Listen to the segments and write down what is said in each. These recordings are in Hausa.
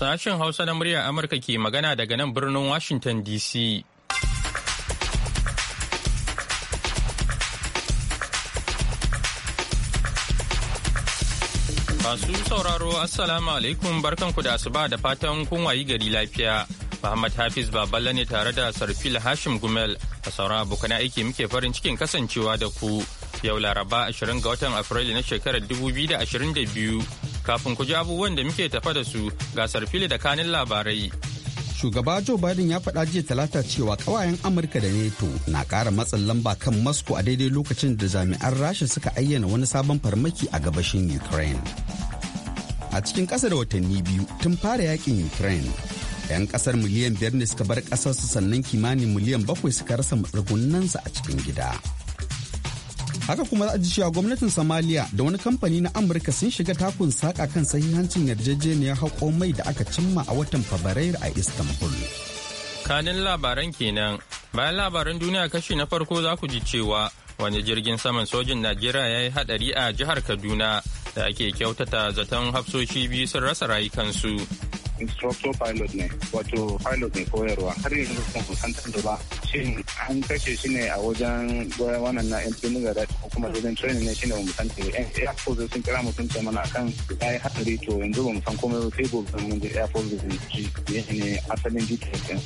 Sashen Hausa na muryar Amurka ke magana daga nan birnin Washington DC. Masu sauraro Assalamu alaikum barkanku da asuba da fatan kun wayi gari lafiya. Muhammad Hafiz Baballa ne tare da Sarfil Hashim Gumel a sauran abokan aiki muke farin cikin kasancewa da ku. Yau Laraba 20 ga watan Afrilu na shekarar 2022 Kafin ku ji abubuwan da muke tafa da su gasar fili da kanin labarai. Shugaba Joe Biden ya faɗa jiya talata cewa ƙawayen Amurka da NATO na ƙara matsin lamba kan Moscow a daidai lokacin da jami'an Rasha suka ayyana wani sabon farmaki a gabashin Ukraine. A cikin ƙasa da watanni biyu tun fara yakin Ukraine, 'yan ƙasar miliyan biyar ne suka bar ƙasarsu sannan kimanin miliyan bakwai suka rasa matsugunansu a cikin gida. haka kuma za a ji cewa gwamnatin Somalia da wani kamfani na Amurka sun shiga takun saka kan sahihancin yarjejeniyar haƙo mai da aka cimma a watan Fabrairu a Istanbul. Kanin labaran kenan. Bayan labaran duniya kashi na farko za ku ji cewa wani jirgin saman sojin Najeriya ya yi hadari a jihar Kaduna da ake kyautata zaton hafsoshi biyu sun rasa rayukansu. instructor pilot ne wato pilot ne koyarwa har yanzu sun kusantar da ba shin an kashe shi ne a wajen wannan na yan tsinin gada ko kuma wajen training ne shine ba mu san ta yan air force sun kira mutum ce mana akan ya yi hatsari to yanzu ba mu san komai sai gobe mun je air force da ji ne asalin jikin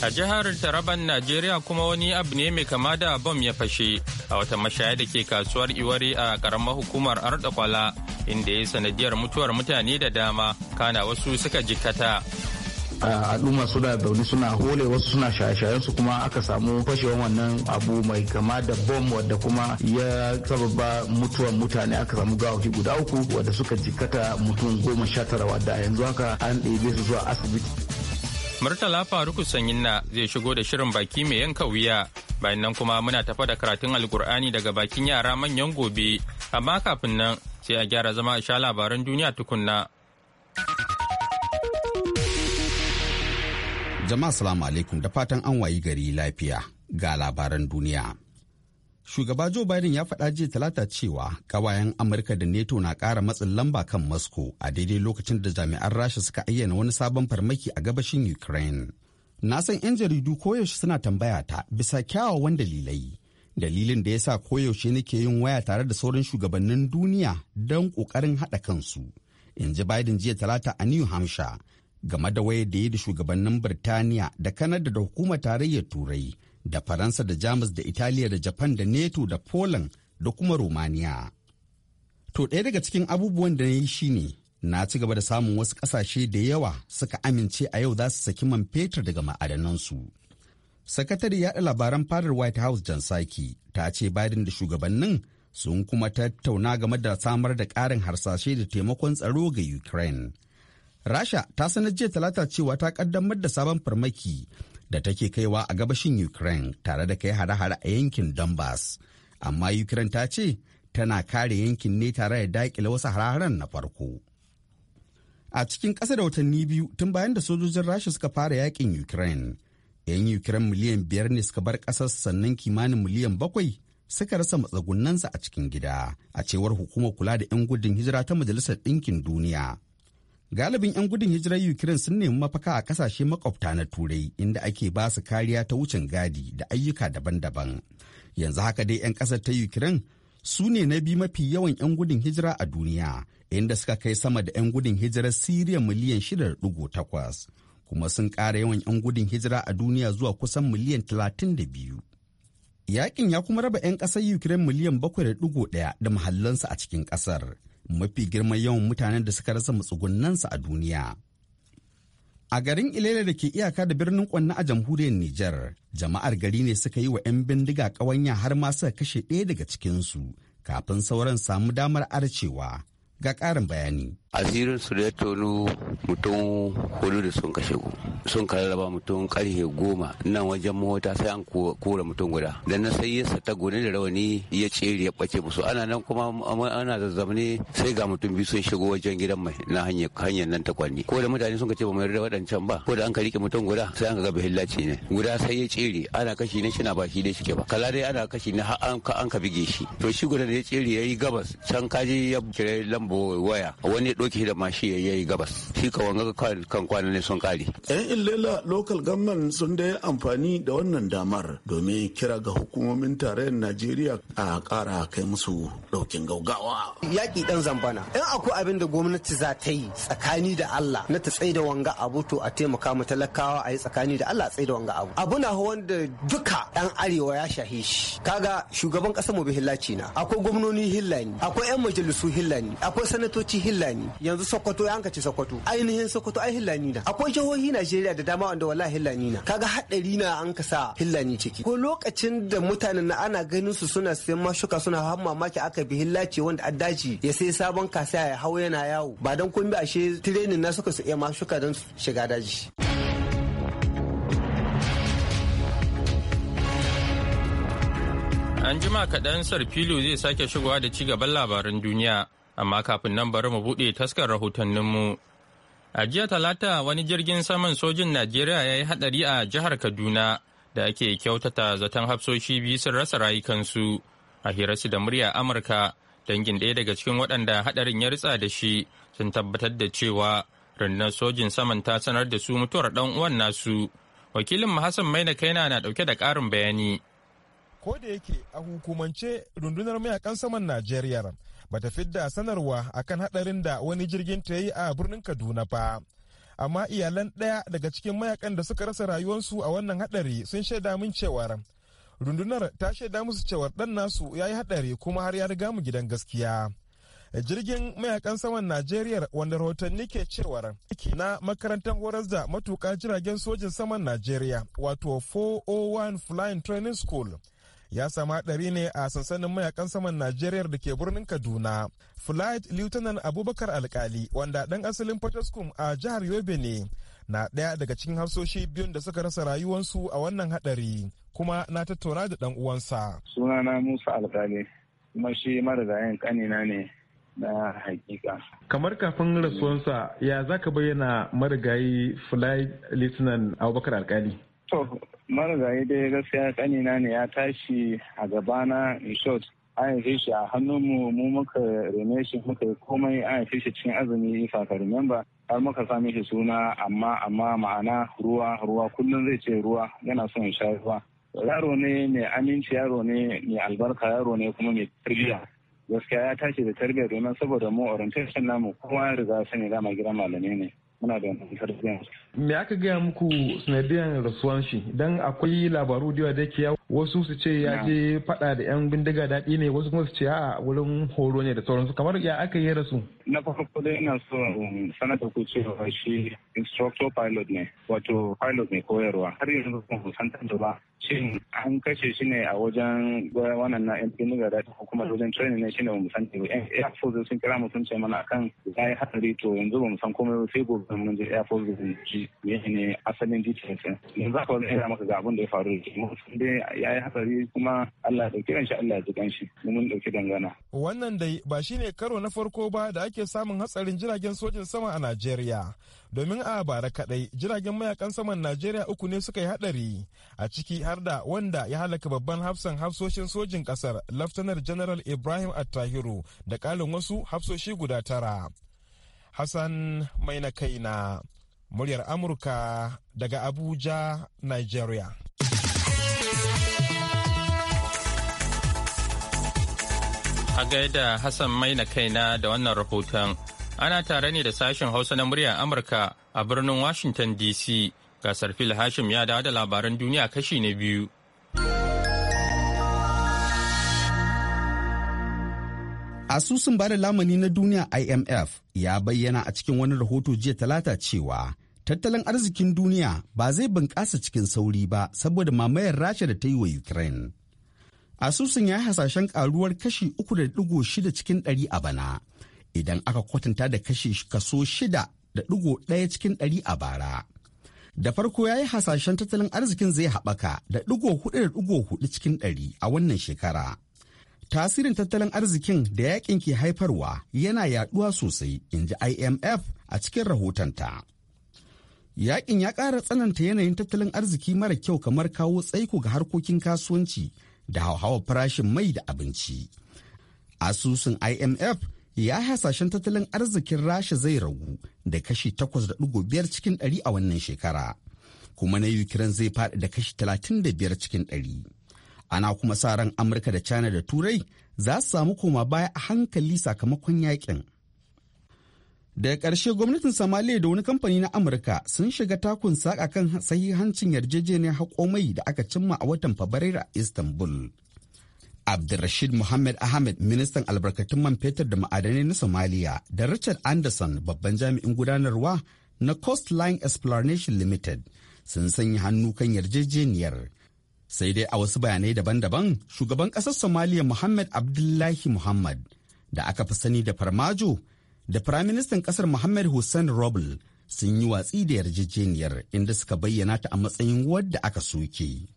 A jihar Taraban Najeriya kuma wani abu ne mai kama da bom ya fashe a wata mashaya da ke kasuwar iwari a karamar hukumar Ardakwala inda ya sanadiyar mutuwar mutane da dama kana wasu suka jikkata. al'umma suna da bauni suna hole wasu suna shaye-shayen su kuma aka samu fashewan wannan abu mai kama da bom wadda kuma ya sababa mutuwar mutane aka samu gawaki guda uku wadda suka jikata mutum goma sha tara wadda yanzu haka an ɗebe su zuwa asibiti Murtala Faruku Sanyinna zai shigo da shirin baki mai yanka wuya. Bayan nan kuma muna tafa da karatun Alkur'ani daga bakin yara manyan gobe. Amma kafin nan sai a gyara zama a sha labaran duniya tukunna. Jama'a salamu alaikum da fatan an wayi gari lafiya ga labaran duniya. Shugaba Joe Biden ya faɗa jiya talata cewa kawayen Amurka da NATO na ƙara matsin lamba kan Moscow a daidai lokacin da jami'an Rasha suka ayyana wani sabon farmaki a gabashin Ukraine. Na san 'yan jaridu koyaushe suna tambaya ta bisa kyawawan dalilai. Dalilin da ya sa koyaushe nake yin waya tare da sauran shugabannin duniya don ƙoƙarin haɗa kansu. In ji Biden jiya talata a New Hampshire game da wayar da ya da shugabannin Birtaniya da Kanada da hukumar tarayyar Turai da Faransa da Jamus da Italiya da Japan da NATO da Poland da kuma Romania. To ɗaya daga cikin abubuwan da na yi ne. na ci gaba da samun wasu ƙasashe da yawa suka amince a yau za su saki man fetur daga ma'adanansu. Sakatare yaɗa labaran fadar White House Jan Saki ta ce Biden da shugabannin sun kuma tattauna game da samar da ƙarin harsashe da taimakon tsaro ga Ukraine. Rasha ta sanar jiya talata cewa ta ƙaddamar da sabon farmaki da take kaiwa a gabashin Ukraine tare da kai hare-hare a yankin Donbass. Amma Ukraine ta ce tana kare yankin ne tare da daƙile wasu hare-haren na farko. A cikin ƙasa da watanni biyu tun bayan da sojojin Rasha suka fara yakin Ukraine, 'yan Ukraine miliyan biyar ne suka bar ƙasar sannan kimanin miliyan bakwai suka rasa matsagunansa a cikin gida, a cewar hukumar kula da 'yan gudun hijira ta Majalisar Ɗinkin Duniya. galibin 'yan gudun hijirar ukraine sun nemi mafaka a kasashe makwabta na turai inda ake ba su kariya ta wucin gadi da ayyuka daban-daban yanzu haka dai 'yan kasar ta ukraine su ne na bi mafi yawan 'yan gudun hijira a duniya inda suka kai sama da 'yan gudun hijirar siriya miliyan 6.8 kuma sun ƙara yawan 'yan gudun hijira a duniya zuwa kusan miliyan 32 yakin ya kuma raba 'yan ƙasar ukraine miliyan 7.1 da mahallansa a cikin ƙasar mafi girman yawan mutanen da suka rasa matsugunansu a duniya. A garin Ilele da ke iyaka da birnin Kwanna a jamhuriyar Nijar, jama'ar gari ne suka yi wa 'yan bindiga ƙawanya har ma suka kashe ɗaya daga cikinsu kafin sauran samu damar arcewa. Ga ƙarin bayani. Asirin su da ya mutum hudu da sun kashe ku. sun kararraba mutum karfe goma nan wajen mota sai an kora mutum guda da na sai ya sata gone da rawani ya tsere ya bace musu ana nan kuma ana zazzamne sai ga mutum biyu sun shigo wajen gidan mai na hanyar nan ta kwanni ko da mutane sun ka ce ba mu yarda waɗancan ba ko da an ka rike mutum guda sai an ga gaba hillaci ne guda sai ya tsere ana kashi ne shina baki dai shike ba kala dai ana kashi ne ha an ka bige shi to shi guda da ya tsere yayi gabas can kaji ya kire lambo waya wani ya doke da mashi yayi gabas shi ka wanga kan kwana ne sun kare Yankin Lela Local Government sun da amfani da wannan damar domin kira ga hukumomin tarayyar Najeriya a kara kai musu ɗaukin gaugawa. Yaƙi ɗan zambana. In akwai abin da gwamnati za ta yi tsakani da Allah na ta tsaye da wanga abu to a taimaka mu talakawa a yi tsakani da Allah tsaye da wanga abu. Abu na wanda duka ɗan arewa ya shahe shi. Kaga shugaban ƙasar mu hillaci na. Akwai gwamnoni hillani. Akwai 'yan majalisu hillani. Akwai sanatoci hillani. Yanzu Sokoto ya hankaci Sokoto. Ainihin Sokoto ai hillani na. Akwai jihohi Najeriya Najeriya da dama wanda wallahi hillani na kaga haɗari na an ka sa hillani ciki ko lokacin da mutanen na ana ganin su suna sayan mashuka suna har mamaki aka bi hillace wanda addaji ya sai sabon kasa ya hau yana yawo ba dan kun bi ashe training na suka su iya mashuka don shiga daji. An jima kaɗan Sarfilo zai sake shigowa da ci gaban labaran duniya, amma kafin nan bari mu buɗe taskar rahotanninmu. mu. A jiya Talata wani jirgin saman sojin Najeriya ya yi haɗari a jihar Kaduna da ake kyautata zaton hafsoshi biyu sun rasa rayukansu a hirarsu da murya Amurka dangin ɗaya daga cikin waɗanda haɗarin ya ritsa da shi sun tabbatar da cewa rundunar sojin saman ta sanar da su mutuwar ɗan uwan nasu. Wakilin Hassan Maina Kaina na ɗauke da ƙarin bayani. ko da yake a hukumance rundunar mayakan saman najeriya bata fidda sanarwa akan hadarin da wani jirgin ta yi a birnin kaduna ba amma iyalan ɗaya daga cikin mayakan da suka rasa rayuwarsu a wannan hadari sun shaida min cewar rundunar ta shaida musu cewar ɗan nasu ya yi hadari kuma har ya riga mu gidan gaskiya jirgin mayakan saman najeriya wanda rahotanni ke cewar na makarantar horas da matuka jiragen sojin saman najeriya wato 401 flying training school ya samu haɗari ne a sansanin mayakan saman Najeriya da ke birnin Kaduna. Flight lieutenan Abubakar Alkali wanda ɗan asalin Potoskum a jihar Yobe ne na ɗaya daga cikin hafsoshi biyun da suka rasa rayuwansu a wannan haɗari kuma na tattauna da ɗan uwansa. Sunana Musa Alkali kuma shi marigayen ƙanina ne na hakika. Kamar kafin rasuwansa ya za ka bayyana marigayi Flight lieutenan Abubakar Alkali? To, marigayi dai gaskiya kanina ne ya tashi a gabana in short. An haife shi a hannunmu mu muka rene shi muka yi komai an haife shi cikin azumi yi I remember. Har muka sami shi suna amma amma ma'ana ruwa ruwa kullum zai ce ruwa yana son ya sha ruwa. Yaro ne mai aminci yaro ne mai albarka yaro ne kuma mai tarbiyya. Gaskiya ya tashi da tarbiyya domin saboda mu orientation namu kowa ya riga sani dama gidan malamai ne. Muna da tarbiyya. me aka gaya muku sanadiyar rasuwan shi don akwai labaru da da ke wasu su ce ya je fada da yan bindiga daɗi ne wasu kuma su ce a wurin horo ne da sauransu kamar ya aka yi rasu na farko dai ina so sanar da ku cewa shi instructor pilot ne wato pilot ne koyarwa har yanzu kuma san ba shin an kashe shi ne a wajen wannan na yan bindiga daɗi ko kuma wajen training ne shine ba mu san ba air force sun kira mu sun ce mana akan ya yi hatsari to yanzu ba mu san komai sai gobe mun je air force ne asalin za ka wani ga abin da ya faru da dai ya yi hatsari kuma Allah ya Allah ya ji mun dauki dangana wannan dai ba shi ne karo na farko ba da ake samun hatsarin jiragen sojin sama a Najeriya domin a bara kaɗai jiragen mayakan saman Najeriya uku ne suka yi hadari a ciki har da wanda ya halaka babban hafsan hafsoshin sojin ƙasar Laftanar General Ibrahim Attahiru da kalin wasu hafsoshi guda tara. Hassan Maina Kaina muryar Amurka daga Abuja, Nigeria. A gaida Hassan Maina kaina da wannan rahoton, ana tare ne da sashen Hausa na muryar Amurka a birnin Washington DC. Gasar Phil Hashim ya dawo da labaran duniya kashi na biyu. Asusun bada lamani na duniya IMF ya bayyana a cikin wani rahoto jiya talata cewa tattalin arzikin duniya ba zai bunƙasa cikin sauri ba saboda mamayar Rasha da ta yi wa Ukraine. Asusun ya yi hasashen karuwar kashi 3.6 cikin 100 a bana idan aka kwatanta da kashi kaso 6.1 cikin 100 a bara. Da farko ya yi hasashen tattalin arzikin zai haɓaka da 4.4 cikin ɗari a wannan shekara. tasirin tattalin arzikin da yakin ke haifarwa yana yaduwa sosai in ji imf a cikin rahotonta yakin ya ƙara tsananta yanayin tattalin arziki mara kyau kamar kawo tsaiko ga harkokin kasuwanci da hauhawar farashin mai da abinci asusun imf ya hasashen tattalin arzikin rasha zai ragu da kashi 8.5 cikin 100 a wannan shekara kuma na ukraine zai faɗi da kashi 35 cikin 100 ana kuma sa ran amurka da china da turai za su samu koma baya a hankali sakamakon yakin daga ƙarshe gwamnatin somaliya da wani kamfani na amurka sun shiga takun saƙa kan sahihancin yarjejeniyar haƙomai da aka cimma a watan fabrairu a istanbul abdulrashid muhammad ahmed ministan albarkatun man fetur da ma'adanai na somaliya da richard anderson babban jami'in gudanarwa na coastline exploration limited sun sanya hannu kan yarjejeniyar sai dai a wasu bayanai daban-daban shugaban ƙasar somaliya muhammad abdullahi muhammad da aka fi sani da farmajo da firaministan ƙasar muhammad hussein robel sun yi watsi da yarjejeniyar inda suka bayyana ta a matsayin wadda aka soke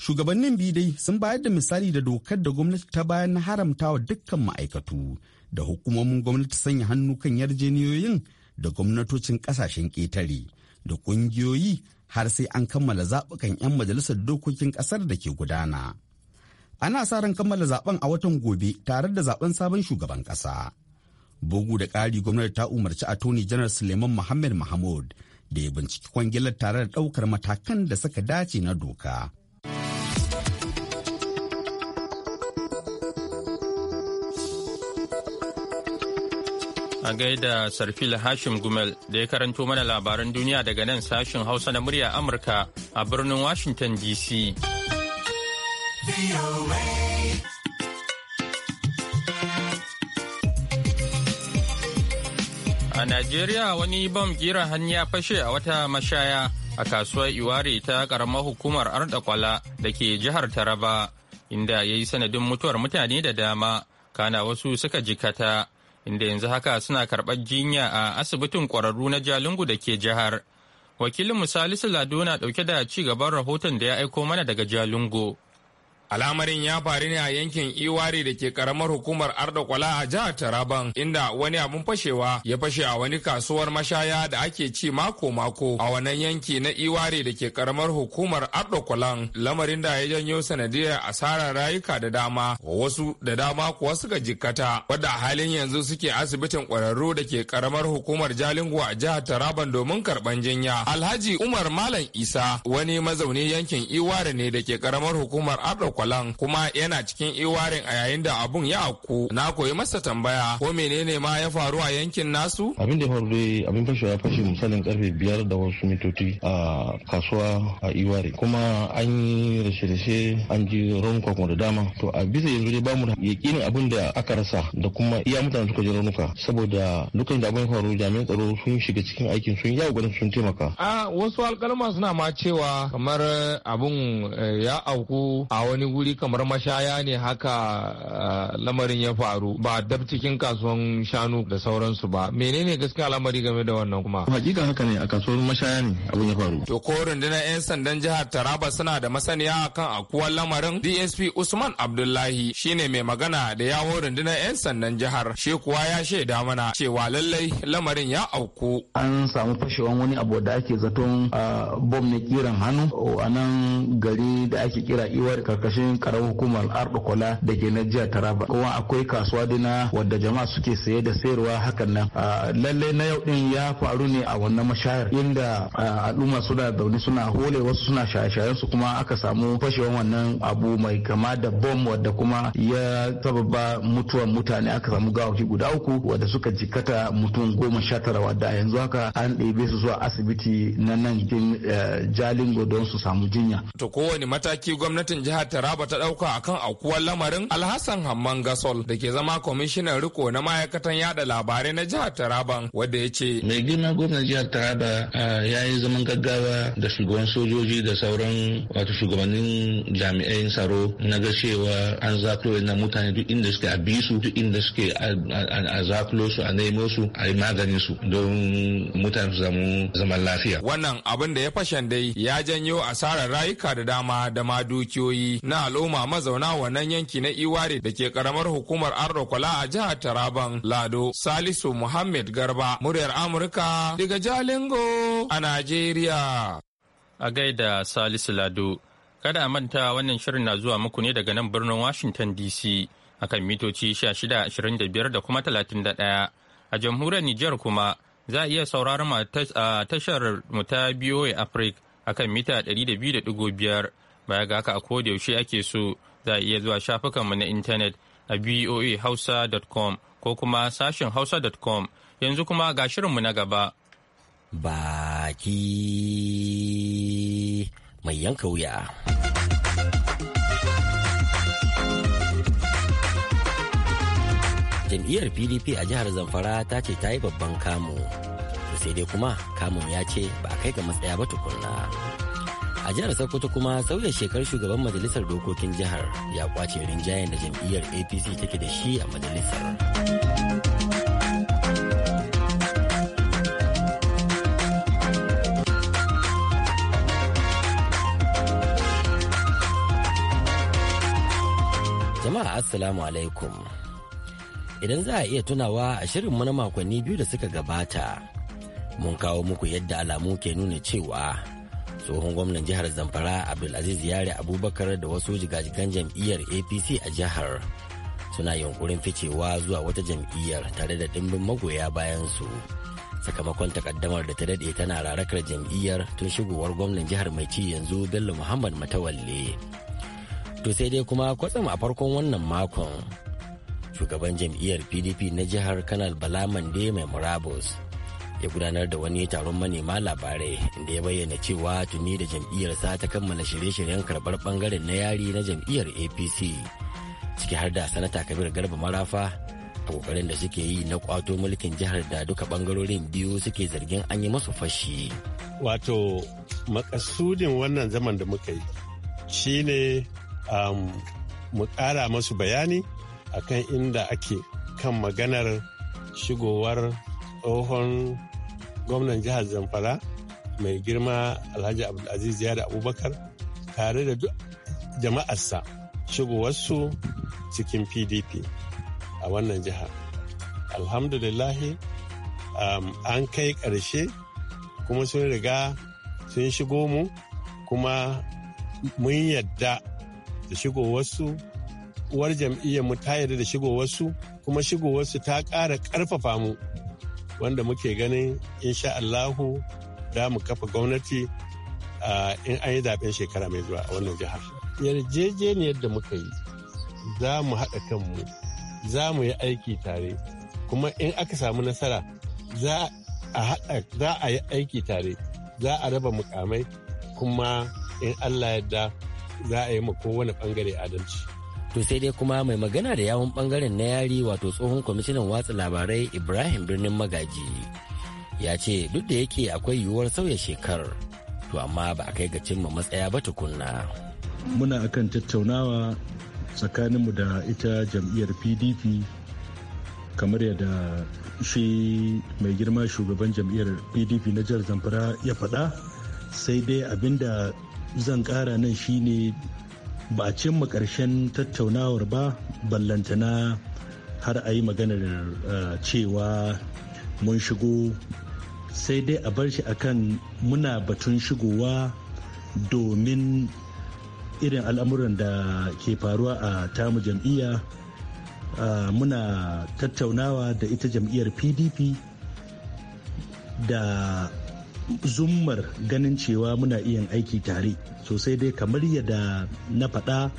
shugabannin biyu dai sun bayar da misali da dokar da gwamnati ta bayan na wa dukkan ma'aikatu da hukumomin gwamnati sanya hannu kan yarjejeniyoyin da gwamnatocin ƙasashen ƙetare da ƙungiyoyi har sai an kammala zaɓukan 'yan majalisar dokokin ƙasar da ke gudana. Ana sa ran kammala zaben a watan gobe tare da zaben sabon shugaban ƙasa. Bugu da ƙari gwamnati ta umarci Attorney General Suleiman Muhammad Mahmud da ya binciki kwangilar tare da ɗaukar matakan da suka dace na doka A gaida Sarfil Hashim Gumel da ya karanto mana labaran duniya daga nan sashin Hausa na murya Amurka a birnin Washington DC. A Najeriya wani bom gira hannu ya fashe a wata mashaya a kasuwar iwari ta karamar hukumar Ardakwala da ke jihar Taraba, inda ya yi sanadin mutuwar mutane da dama, kana wasu suka jikata. inda yanzu haka suna karɓar jinya a asibitin ƙwararru na Jalingu da ke jihar. Wakilin Salisu Lado na ɗauke da ci gaban rahoton da ya aiko mana daga Jalingo. Al'amarin ya faru ne a yankin Iwari da ke karamar hukumar Ardakwala a jihar Taraban inda wani abun fashewa ya fashe a wani kasuwar mashaya da ake ci mako-mako a wannan yanki na Iwari da ke karamar hukumar Ardakwalan lamarin da ya janyo sanadiyar asarar rayuka da dama wasu da dama kuwa suka jikkata wadda halin yanzu suke asibitin kwararru da ke karamar hukumar Jalingo a jihar Taraban domin karban jinya. Alhaji Umar Malam Isa wani mazaunin yankin Iwari ne da ke karamar hukumar Ardakwala kwalan kuma yana cikin iwarin a yayin da abun ya auku na koyi masa tambaya ko menene ma ya faru a yankin nasu abin da ya faru dai abin fashe ya fashe misalin karfe biyar da wasu mitoci a kasuwa a iware kuma an yi rashe-rashe an ji raunuka da dama to a bisa yanzu dai bamu da yakinin abin da aka rasa da kuma iya mutane suka ji raunuka saboda lokacin da abin ya faru jami'an tsaro sun shiga cikin aikin sun yawo gwada sun taimaka a wasu alkalma suna ma cewa kamar abun eh, ya auku a wani wuri kamar mashaya ne haka eh, lamarin ya faru ba dab cikin kasuwan shanu da sauransu ba menene gaskiya lamari game da wannan kuma hakika haka ne a kasuwar mashaya ne abin ya faru to ko rundunar yan sandan jihar taraba suna da masaniya akan akuwar lamarin dsp usman abdullahi shine mai magana da yawo rundunar yan sandan jihar shi kuwa ya shaida mana cewa lallai lamarin ya auku an samu fashewan wani abu da ake zaton ah, bom na kiran hannu a nan gari da ake kira iwar karkashin karkashin karamar hukumar arɗukola da ke na jihar taraba kuma akwai kasuwa dina wadda jama'a suke saye da sayarwa hakan nan ah, lallai na yau din ya faru ne a wannan mashayar inda ah, al'umma suna zaune suna hole wasu suna shaye-shayen su kuma aka samu fashewar wannan abu mai kama da bom wadda kuma ya sababa mutuwar mutane aka samu gawaki guda uku wadda suka jikata mutum goma sha tara wadda a yanzu haka an ɗebe su zuwa asibiti na nan eh, jalingo don su samu jinya. To kowane mataki gwamnatin jihar taraba ta dauka akan aukuwar lamarin alhassan hamman gasol da ke zama kwamishinan riko na ma'aikatan yada labarai na jihar taraba. wadda ya ce mai girma gwamnan jihar taraba ya yi zaman gaggawa da shugaban sojoji da sauran wato shugabannin jami'ai tsaro na ga cewa an zakulo na mutane duk inda suke a bi su duk inda suke a zakulo su a nemo su a yi magani su don mutane su zamu zaman lafiya wannan abin da ya fashan dai ya janyo asarar rayuka da dama da ma dukiyoyi na al'umma mazauna wannan yanki na Iware da ke karamar hukumar Ardokola a jihar Taraban Lado Salisu Muhammad Garba muryar Amurka daga Jalingo a Najeriya. A gaida Salisu Lado, kada a manta wannan shirin na zuwa muku ne daga nan birnin Washington DC akan mitoci 1625 da kuma 31 a jamhuriyar Nijar kuma za a iya sauraron tashar mu ta BOA Africa akan mita 200.5 Baya ga haka a yaushe ake so za a iya zuwa shafukanmu na intanet a voahausa.com ko kuma sashen hausa.com yanzu kuma ga shirinmu na gaba. Baki mai yanka wuya. jam'iyyar pdp a jihar zamfara ta ce ta yi babban kamu sai dai kuma kamun ya ce ba a kai ga matsaya ba tukunna. a jihar sokoto kuma sauya shekarar shugaban majalisar dokokin jihar ya kwace rinjayen da jam'iyyar apc take da shi a majalisar jama'a assalamu alaikum idan za a iya tunawa a shirin na makonni biyu da suka gabata mun kawo muku yadda alamu ke nuna cewa tsohon gwamnan jihar zamfara abdulaziz yare abubakar da wasu jigajigan jam'iyyar apc a jihar suna yunkurin ficewa zuwa wata jam'iyyar tare da dimbin magoya bayan su sakamakon takaddamar da ta daɗe tana rarakar jam'iyyar tun shigowar gwamnan jihar mai ci yanzu bello muhammad matawalle to sai dai kuma kwatsam a farkon wannan makon shugaban jam'iyyar pdp na jihar kanal balamande mai murabus ya gudanar da wani taron manema labarai inda ya bayyana cewa tuni da jam'iyyar jam'iyyarsa ta kammala shirye-shiryen karɓar ɓangaren na yari na jam'iyyar apc ciki har da sanata kabir garba marafa a kokarin da suke yi na kwato mulkin jihar da duka bangarorin biyu suke zargin an yi masu fashi wato makasudin wannan zaman da muka yi shine um, mu ƙara masu bayani akan inda ake kan maganar shigowar tsohon gwamnan jihar zamfara mai girma alhaji abdulaziz yari abubakar tare da duk jama'arsa shigowarsu cikin pdp a wannan jiha alhamdulillahi um, an kai ƙarshe kuma sun riga sun shigo mu kuma mun yadda da shigowarsu uwar jam'iyyar mu ta yarda da shigowarsu kuma shigowarsu ta ƙara ƙarfafa mu wanda muke ganin insha Allahu da mu kafa gwamnati in an yi zaben shekara mai zuwa a wannan jihar. Yarjejeniyar da muka yi za mu haɗa kanmu za mu yi aiki tare kuma in aka samu nasara za a yi aiki tare za a raba mukamai kuma in Allah yadda za a yi ma kowane ɓangare adalci. wato sai dai kuma mai magana da yawon bangaren na yari wato tsohon kwamishinan watsa labarai ibrahim birnin magaji ya ce duk da yake akwai yiwuwar sauya shekar to amma ba a kai ga cimma matsaya ba tukunna muna akan tattaunawa tsakaninmu da ita jam'iyyar pdp kamar yadda shi mai girma shugaban jam'iyyar pdp na jihar zamfara ya faɗa sai dai abinda zan ƙara nan shine ba a cimma ƙarshen tattaunawar ba ballantana har a yi maganar eh, cewa mun shigo sai dai a bar shi akan muna batun shigowa domin irin al'amuran da ke faruwa a tamu jam'iyya eh, muna tattaunawa da ita jam'iyyar pdp da zummar ganin cewa muna iya aiki tare sosai dai kamar yadda na faɗa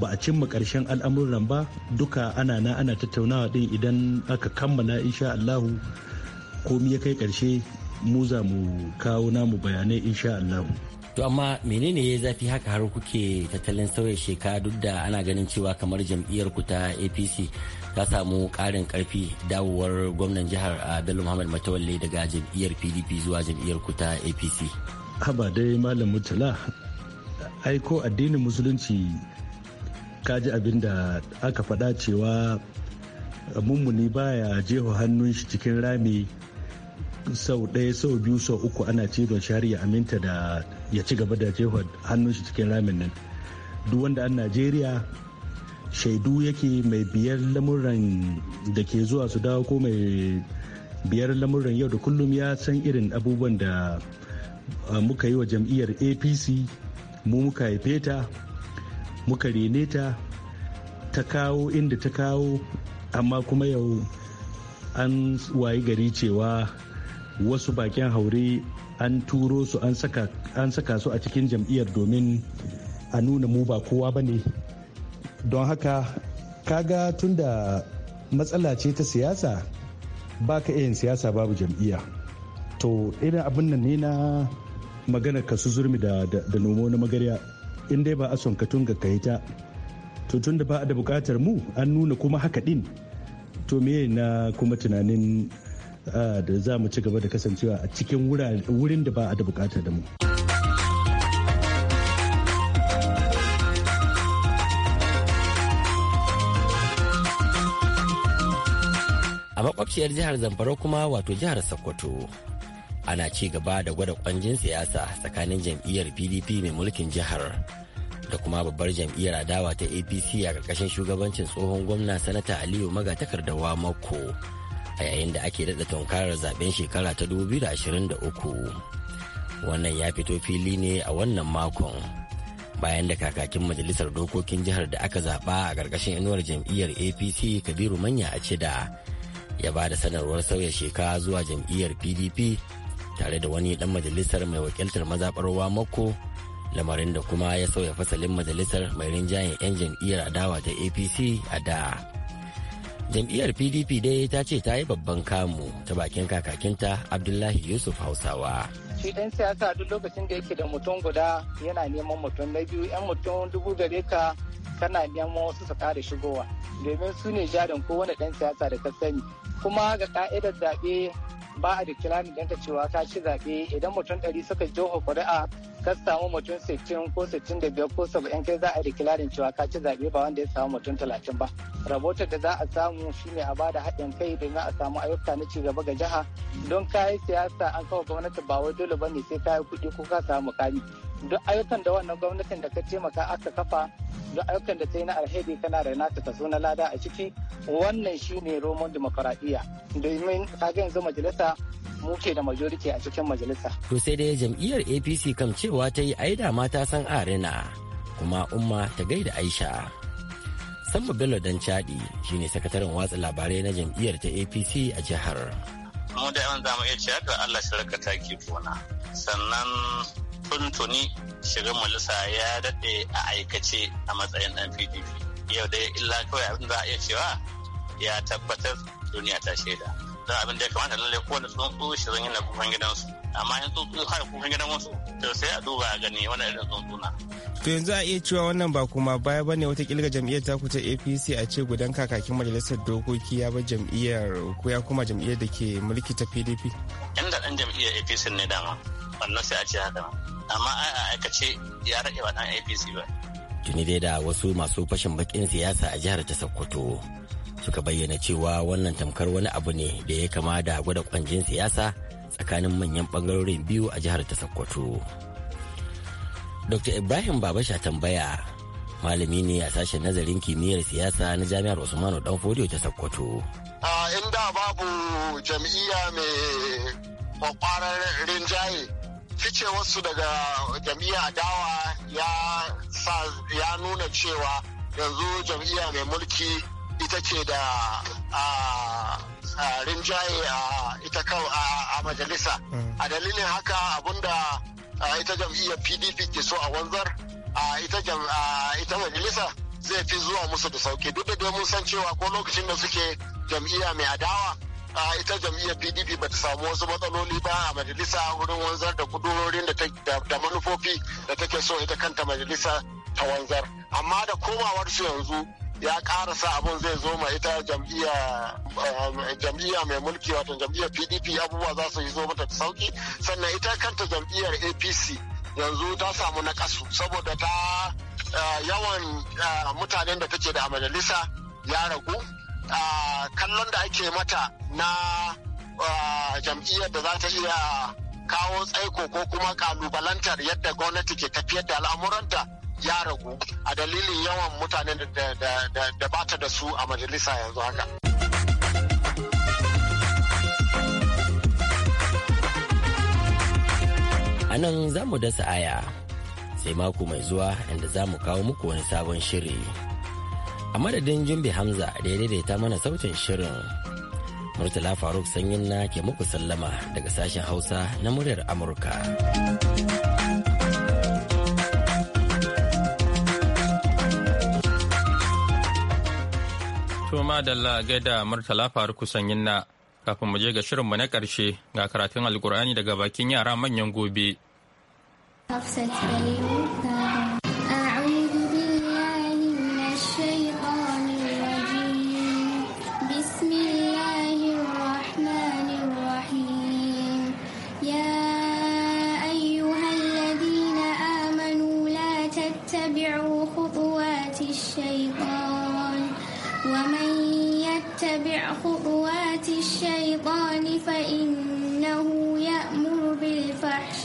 ba a cimma ƙarshen al'amuran ba duka ana na ana tattaunawa ɗin idan aka kammala insha Allahu komi ya kai ƙarshe mu za mu kawo namu bayanai insha Allahu. To amma menene ya zafi haka har kuke tattalin sauya shekara duk da ana ganin cewa kamar jam'iyyar ku ta APC ta samu karin karfi dawowar gwamnan jihar bello muhammad matawalle daga jam'iyyar pdp zuwa jam'iyyar kuta apc haba dai malam mutula aiko addinin musulunci kaji abin da aka faɗa cewa mummuni baya jeho hannun shi cikin rami sau ɗaya sau biyu sau uku ana cizon shari ya aminta da ya ci gaba da jeho hannun shi cikin ramin nan duk wanda an najeriya shaidu yake mai biyar lamuran da ke zuwa su dawo ko mai biyar lamuran yau da kullum ya san irin abubuwan da muka yi wa jam'iyyar apc mu muka haife ta muka rene ta ta kawo inda ta kawo amma kuma yau an wayi gari cewa wasu bakin haure an turo su an saka su a cikin jam'iyyar domin a nuna mu ba kowa ba ne don haka kaga tunda matsala ce ta siyasa ba ka yin siyasa babu jam'iyya to irin abin nan ne na magana kasu zurmi da da nomo na magarya in dai ba a son ka tunga ka ta to tun da ba a da bukatar mu an nuna kuma haka din to me na kuma tunanin ah, da za mu ci gaba da kasancewa a cikin wurin da ba a da bukatar da mu. a makwabciyar jihar zamfara kuma wato jihar sokoto ana ci gaba da gwada kwanjin siyasa tsakanin jam'iyyar pdp mai mulkin jihar da kuma babbar jam'iyyar adawa ta apc a ƙarƙashin shugabancin tsohon gwamna sanata aliyu wa mako a yayin da ake daɗa tunkarar zaben shekara ta 2023 wannan ya fito fili ne a wannan makon bayan da kakakin majalisar dokokin jihar da aka zaɓa a ƙarƙashin inuwar jam'iyyar apc kabiru manya a cida ya ba da sanarwar sauya shekara zuwa jam'iyyar pdp tare da wani dan majalisar mai wakiltar mazaɓarwa mako lamarin da kuma ya sauya fasalin majalisar mai rinjayen 'yan jam'iyyar adawa ta apc a da jam'iyyar pdp dai ta ce ta yi babban kamu ta bakin kakakinta abdullahi yusuf hausawa shi ɗan siyasa duk lokacin da yake da mutum guda yana neman mutum na biyu 'yan mutum dubu gare ka kana neman wasu su da shigowa domin su ne jarin kowane ɗan siyasa da ka sani kuma ga ka'idar zaɓe ba a da kirani danta cewa ta ci zaɓe idan mutum ɗari suka jeho ƙuri'a ka samu mutum 60 ko 65 ko 70 kai za a rikilarin cewa ka ci zaɓe ba wanda ya samu mutum 30 ba Rabotar da za a samu shine a bada haɗin kai za a samu ayyuka na cigaba ga jiha don yi siyasa an kawo gwamnati ba wai dole bane sai ka yi kuɗi ko ka samu mukami duk ayyukan da wannan gwamnatin da ka taimaka aka kafa duk ayyukan da ta yi na alheri kana da nata kaso na lada a ciki wannan shine roman demokaradiyya domin kaga yanzu majalisa muke da majority a cikin majalisa to sai dai jam'iyyar apc kam cewa ta yi aida ma ta san Arena kuma umma ta gaida aisha samba bello dan chadi shine sakataren watsa labarai na jam'iyyar ta apc a jihar mu da yawan zamu iya cewa ga allah shirka ta ke kona sannan tuntuni shirin mulisa ya daɗe a aikace a matsayin dan pdp yau da illa kawai abin za a iya cewa ya tabbatar duniya ta shaida da abin da ya kamata lalle kowane tsuntsu shi zan yana kufan gidansu amma in tsuntsu har kufan gidan wasu to sai a duba a gani wani irin tsuntsu na. to yanzu a iya cewa wannan ba kuma baya bane wata kilga jam'iyyar taku ta apc a ce gudan kakakin majalisar dokoki ya bar jam'iyyar ko ya kuma jam'iyyar da ke mulki ta pdp. da dan jam'iyyar apc ne dama wannan sai a ce haka amma a aikace ya rage ba dan apc ba. tuni dai da wasu masu fashin bakin siyasa a jihar ta sokoto suka bayyana cewa wannan tamkar wani abu ne da ya kama da gwada kwanjin siyasa tsakanin manyan bangarorin biyu a jihar ta sokoto dr ibrahim babasha tambaya malami ne a sashen nazarin kimiyyar siyasa na jami'ar usmanu danfodiyo ta sokoto a inda babu jam'iyya mai kwakwarar rinjaye fice wasu daga jam'iyya dawa ya nuna cewa yanzu jam'iyya mai mulki ita ce da rinjaye a ita kawo a majalisa a dalilin haka abinda ita jam'iyyar pdp ke so a wanzar a ita majalisa zai fi zuwa musu da sauki duk da dai mun san cewa ko lokacin da suke jam'iyya mai adawa a ita jam'iyyar pdp ba ta samu wasu matsaloli ba a majalisa wurin wanzar da kudurorin da manufofi da take so ita kanta majalisa ta wanzar amma da komawarsu yanzu ya karasa abun zai zo ma ita jam'iyya eh, mai mulki wato jam'iyyar pdp abubuwa za su yi zo mata sauki sannan ita kanta jam'iyyar apc yanzu ta samu na kasu saboda ta eh, yawan eh, mutanen da take da majalisa ya ragu ah, kallon da ake mata na jam'iyyar da za ta iya kawo tsaiko ko kuma kalubalantar yadda gwamnati ke tafiyar da al'amuranta ya ragu a dalilin yawan mutanen da bata da su a majalisa yanzu haka. A nan za mu dasa aya sai mako mai zuwa inda za mu kawo muku wani sabon shiri. A madadin Jumbi Hamza da ya daidaita mana sautin shirin. Murtala Faruk Sanyin na ke muku sallama daga sashen Hausa na muryar Amurka. To madalla gaida Murtala faru kusan na kafin mu je ga shirinmu na ƙarshe ga karatun alkur'ani daga bakin yara manyan gobe. Hafsat ta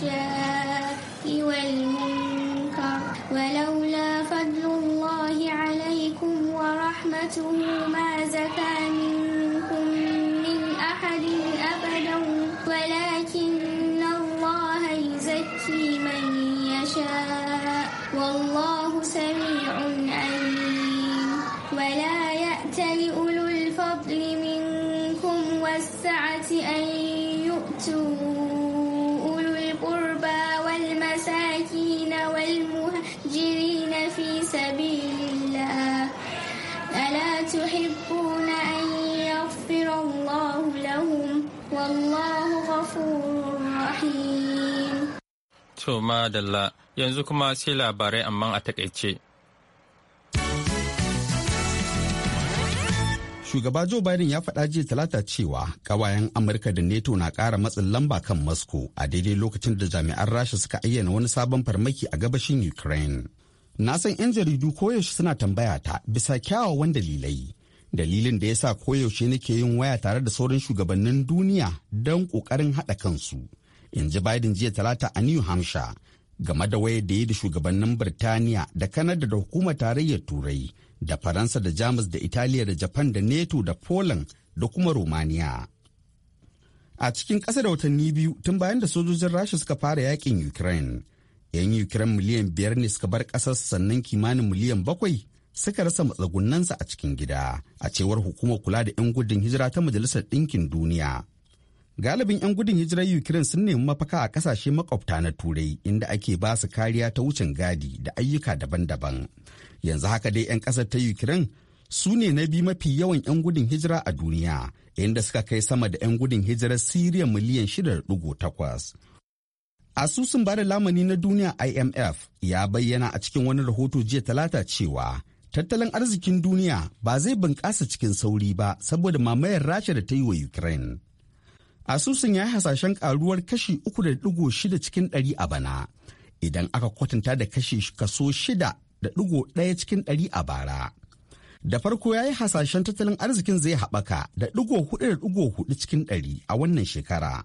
الفحشاء والمنكر ولولا فضل الله عليكم ورحمته ما زكى منكم من أحد أبدا ولكن الله يزكي من يشاء والله سميع عليم ولا To madalla yanzu kuma sai labarai amma a takaice. Shugaba Joe Biden ya faɗa jiya talata cewa ƙawayen Amurka da NATO na ƙara matsin lamba kan Moscow a daidai lokacin da jami'an Rasha suka ayyana wani sabon farmaki a gabashin Ukraine. Na san 'yan jaridu koyaushe suna tambaya ta bisa kyawawan dalilai. Dalilin da ya sa koyaushe nake yin waya tare da sauran shugabannin duniya don ƙoƙarin haɗa kansu. in ji Biden jiya talata a New Hampshire game da wayar da yi da shugabannin Birtaniya da Kanada da hukumar tarayyar Turai da Faransa da Jamus da Italiya da Japan da NATO da Poland da kuma Romania. A cikin ƙasa da watanni biyu tun bayan da sojojin Rasha suka fara yakin Ukraine, 'yan Ukraine miliyan biyar ne suka bar ƙasar sannan kimanin miliyan bakwai suka rasa matsagunansa a cikin gida, a cewar hukumar kula da 'yan gudun hijira ta Majalisar Ɗinkin Duniya. galibin 'yan gudun hijirar ukraine sun nemi mafaka a kasashe makwabta na turai inda ake ba su kariya ta wucin gadi da ayyuka daban-daban yanzu haka dai 'yan kasar ta ukraine su ne na bi mafi yawan 'yan gudun hijira a duniya inda suka kai sama da 'yan gudun hijirar siriya miliyan 6.8 asusun bada lamani na duniya imf ya bayyana a cikin wani rahoto jiya talata cewa tattalin arzikin duniya ba zai bunƙasa cikin sauri ba saboda mamayar rasha da ta yi wa ukraine asusun ya yi hasashen karuwar kashi 3.6 cikin 100 a bana idan aka kwatanta da kashi kaso 6.1 cikin 100 a bara da farko ya yi hasashen tattalin arzikin zai haɓaka da 4.4 hudu cikin ɗari a wannan shekara.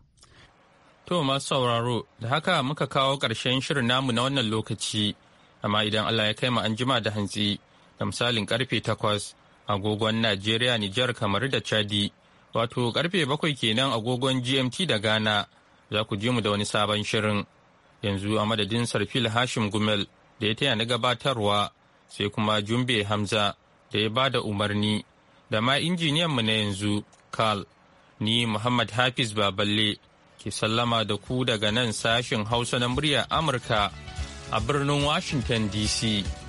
To masu sauraro da haka muka kawo ƙarshen shirin namu na wannan lokaci amma idan Allah ya kai mu an jima da hantsi da misalin karfe 8 agogon Najeriya Nijar kamar da Chadi wato karfe bakwai kenan agogon GMT da Ghana za ku je mu da wani sabon shirin. Yanzu a madadin Sarfil Hashim Gumel da ya taya na gabatarwa sai kuma Jumbe Hamza da ya ba da umarni da ma injiniyan mu na yanzu Karl ni Muhammad Hafiz Baballe ke sallama da ku daga nan sashin Hausa na murya Amurka a birnin Washington DC.